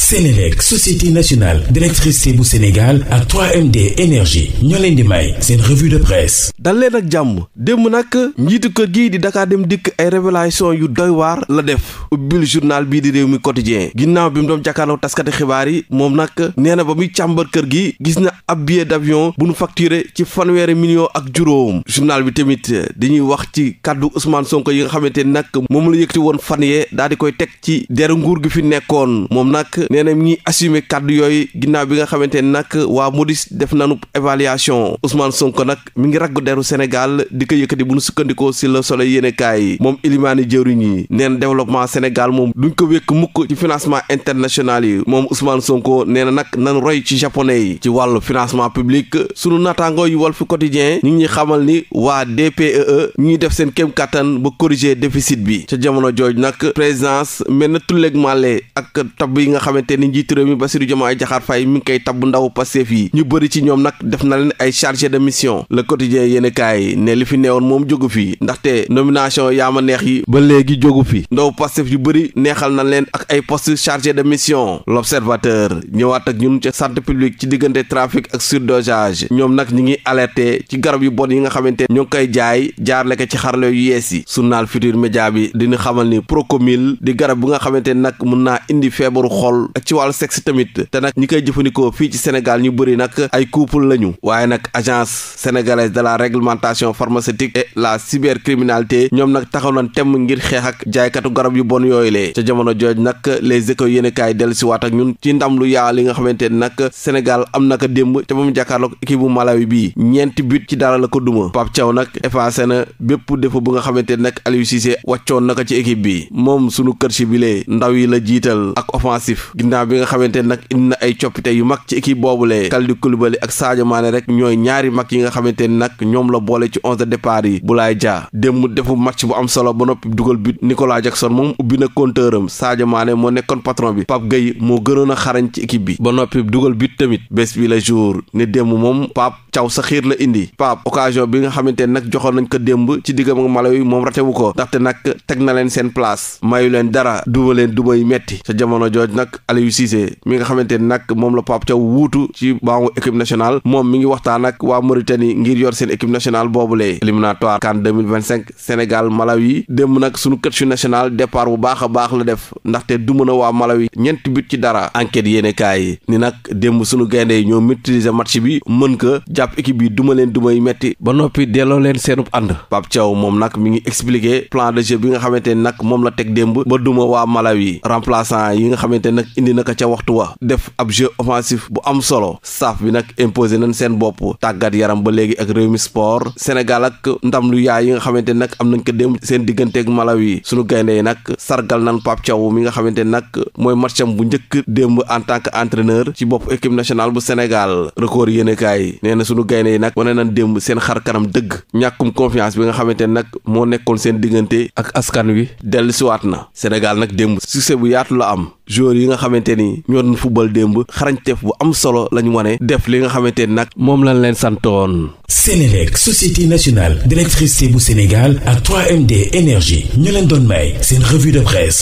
Sénélec société nationale d'électricité bu Sénégal ak 3MD énergie ñoo leen di may seen revue de presse. dal leen ak jàmm démb nag njiitu kër gii di Dakar dem dikk ay révélation yu doy waar la def ubbil journal bii di réew mi quotidien ginnaaw bi mu doon jàkkaarloo taskati xibaar yi moom nag nee na ba muy càmbar kër gi gis na ab billet d'avion bu nu facturé ci fanweeri million ak juróom journal bi tamit dañuy wax ci kàddu Ousmane Sonko yi nga xamante ni nag moom la yëkkati woon fan yee daal di koy teg ci deru nguur gi fi nekkoon moom nag nee na ñuy assumer kàddu yooyu ginnaaw bi nga xamante ne nag waa Modis def nanu évaluation Ousmane Sonko nag mi ngi raggu deru Sénégal di ko yëkkati bu nu sukkandikoo si Le Soleil yéenekaay moom ilimaani jëwriñ yi nee na développement Sénégal moom duñ ko wékk mukk ci financement international yi moom Ousmane Sonko nee na nag nan roy ci japonais yi ci wàllu financement public sunu naataangoo yu Walf Quotidien ñu ngi xamal ni waa DPEE e ñu ngi def seen kéem kattan ba corriger déficit bi ca jamono jooju nag présidence mel na ak yi nga xam xamante ni njiitu réew mi Bassirou Diomaye Diakhar Faye mi ngi tabb ndaw Pastef yi ñu bëri ci ñoom nag def na leen ay chargé de mission le quotidien yéen kaay ne li fi neewoon moom jógu fi ndaxte nomination yaa neex yi ba léegi jógu fi ndaw Pastef yu bëri neexal na leen ak ay poste chargé de mission l'observateur ñëwaat ak ñun ca santé publique ci diggante trafic ak surdosage ñoom nag ñi ngi alerté ci garab yu bon yi nga xamante ñoo ngi koy jaay jaarle ko ci xarale yu yi surnaal futur média bi dina xamal ni procomil di garab bu nga xamante nag mun naa indi feebaru xol lool ci wàllu sexe tamit te nag ñi koy jëfandikoo fii ci Sénégal ñu bëri nag ay couple lañu waaye nag agence sénégalaise de la réglementation pharmaceutique et la cybercriminalité ñoom nag taxaw na temm ngir xeex ak jaaykatu garab yu bon yooyu lee ca jamono jooj nag les échos yéen kaay dellu si waat ak ñun ci ndam lu yaa li nga xamante ne nag Sénégal am na ko démb te ba mu jàkkaarloog équipe bu Malawi bii ñeenti bit ci dara la ko duma Pape Thiaw nag effacé na bépp défaut bu nga xamante ne nag Aliou Cissé wàccoon na ci équipe bi moom sunu kër si bilee ndaw yi la jiital ginnaaw bi nga xamante nag indi na ay coppite yu mag ci équipe boobule Kalidou Koulibaly ak Sadio Mané rek ñooy ñaari mag yi nga xamante ni nag ñoom la boole ci onze de yi bu Boulaye jaa démb defu match bu am solo ba noppi dugal but Nicolas Jackson moom ubbi na compteur am Sadio Mané moo nekkoon patron bi Pape Gueye moo gënoon a xarañ ci équipe bi ba noppi dugal but tamit bés bi la jour ne démb moom Pape Thiaw sa xiir la indi Pape occasion bi nga xamante ne nag joxoon nañ ko démb ci diggam ak Malawi yi moom ratewu ko ndaxte nag teg na leen seen place mayu leen dara duba leen duba yu jamono jooj nag Aliou Cissé mi nga xamante ne nag moom la Pape Thiaw wuutu ci baamu équipe nationale moom mi ngi waxtaan ak waa Mauritanie ngir yor seen équipe nationale boobulee éliminatoire CAN 2025 Sénégal Malawi démb nag sunu coach national départ bu baax a baax la def ndaxte du mën a waa Malawi ñeenti bit ci dara enquête yéene kaay ni nag démb sunu gaynde yi ñoo maîtriser match bi mën ko jàpp équipe yi duma leen duma yu metti ba noppi delloo leen seenub ànd Pape Thiaw moom nag mi ngi expliquer plan de bi nga xamante ne nag moom la teg démb ba duma waa Malawi remplaçant yi nga xamante nag indi na ko ca waxtu wa def ab jeu offensif bu am solo staff bi nag imposé nañ seen bopp tàggat yaram ba léegi ak Rewmi Sport Sénégal ak ndam lu yaay yi nga xamante nag am nañ ko dem seen diggante ak Malawi sunu gaynde yi nag sargal nan Pape Thiaw mi nga xamante nag mooy matcham bu njëkk démb en tant que entraîneur ci bopp équipe nationale bu Sénégal record yéenekaay nee na sunu gaynde yi nag wane nañ démb seen xar kanam dëgg ñàkkum confiance bi nga xamante nag moo nekkoon seen diggante ak askan wi dellusiwaat na Sénégal nag démb succès bu yaatu am joueurs yi nga xamante ni ñoo doon football démb xarañteef bu am solo lañu wane def li nga xamante ni nag moom lañ leen santoon. Sénélec société nationale d'électricité bu Sénégal ak 3MD énergie ñu leen doon may seen revue de presse.